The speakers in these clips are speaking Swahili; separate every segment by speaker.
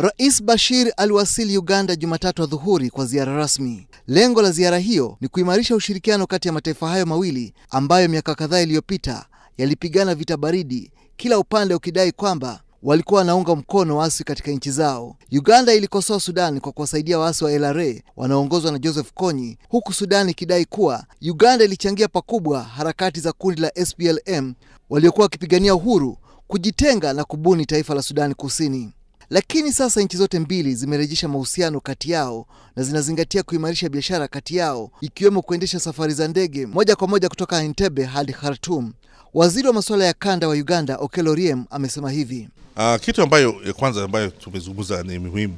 Speaker 1: Rais Bashir aliwasili Uganda Jumatatu adhuhuri kwa ziara rasmi. Lengo la ziara hiyo ni kuimarisha ushirikiano kati ya mataifa hayo mawili ambayo miaka kadhaa iliyopita yalipigana vita baridi, kila upande ukidai kwamba walikuwa wanaunga mkono waasi katika nchi zao. Uganda ilikosoa Sudan kwa kuwasaidia waasi wa LRA wanaoongozwa na Joseph Kony, huku Sudan ikidai kuwa Uganda ilichangia pakubwa harakati za kundi la SPLM waliokuwa wakipigania uhuru, kujitenga na kubuni taifa la Sudani Kusini. Lakini sasa nchi zote mbili zimerejesha mahusiano kati yao na zinazingatia kuimarisha biashara kati yao, ikiwemo kuendesha safari za ndege moja kwa moja kutoka Entebbe hadi Khartoum. Waziri wa masuala ya kanda wa Uganda Okello Riem amesema hivi.
Speaker 2: Uh, kitu ambayo ya kwanza ambayo tumezungumza ni muhimu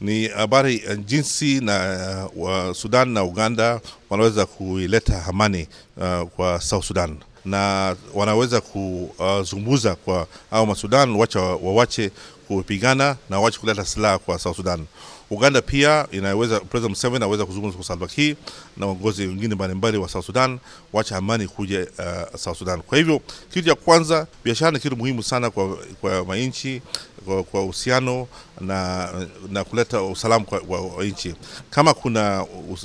Speaker 2: ni habari eh, jinsi na uh, Sudan na Uganda wanaweza kuileta amani uh, kwa South Sudan na wanaweza kuzungumza kwa au Masudan wacha wawache kupigana na wache kuleta silaha kwa South Sudan. Uganda pia inaweza, President Museveni anaweza kuzungumza kwa Salva Kiir na uongozi wengine mbalimbali wa South Sudan, wacha amani kuja uh, South Sudan. Kwa hivyo kitu cha kwanza, biashara ni kitu muhimu sana kwa, kwa mainchi kwa uhusiano na, na kuleta usalama kwa, kwa, kwa nchi. Kama kuna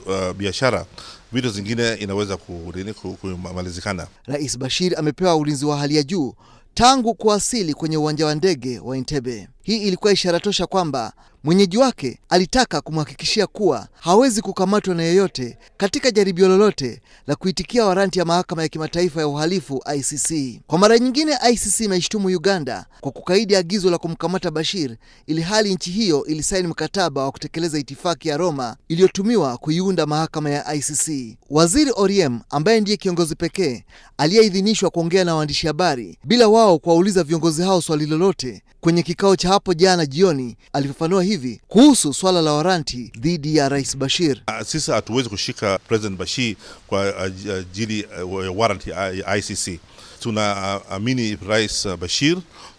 Speaker 2: uh, biashara vitu zingine inaweza kumalizikana.
Speaker 1: Rais Bashir amepewa ulinzi wa hali ya juu tangu kuwasili kwenye uwanja wa ndege wa Entebbe. Hii ilikuwa ishara tosha kwamba Mwenyeji wake alitaka kumhakikishia kuwa hawezi kukamatwa na yeyote katika jaribio lolote la kuitikia waranti ya mahakama ya kimataifa ya uhalifu ICC. Kwa mara nyingine, ICC imeshutumu Uganda kwa kukaidi agizo la kumkamata Bashir, ili hali nchi hiyo ilisaini mkataba wa kutekeleza itifaki ya Roma iliyotumiwa kuiunda mahakama ya ICC. Waziri Oriem, ambaye ndiye kiongozi pekee aliyeidhinishwa kuongea na waandishi habari bila wao kuwauliza viongozi hao swali lolote kwenye kikao cha hapo jana jioni, alifafanua hivi hivi kuhusu swala la waranti dhidi ya Rais Bashir.
Speaker 2: Ah, sisi hatuwezi kushika President Bashir kwa ajili ah, ah, eh, ya waranti ya ICC. Tunaamini Rais Bashir,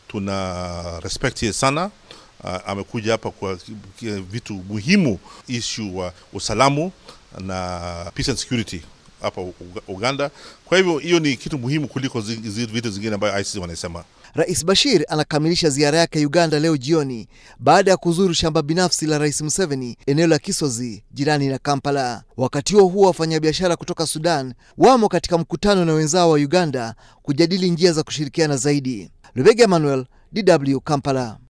Speaker 2: tuna respect sana amekuja hapa kwa eh, vitu muhimu, ishu wa usalamu na peace and security hapa Uganda. Kwa hivyo hiyo ni kitu muhimu kuliko vitu zingine ambayo ICC wanasema.
Speaker 1: Rais Bashir anakamilisha ziara yake Uganda leo jioni baada ya kuzuru shamba binafsi la Rais Museveni eneo la Kisozi jirani na Kampala. Wakati huo huo, wafanyabiashara kutoka Sudan wamo katika mkutano na wenzao wa Uganda kujadili njia za kushirikiana zaidi. Lubega Emmanuel, DW, Kampala.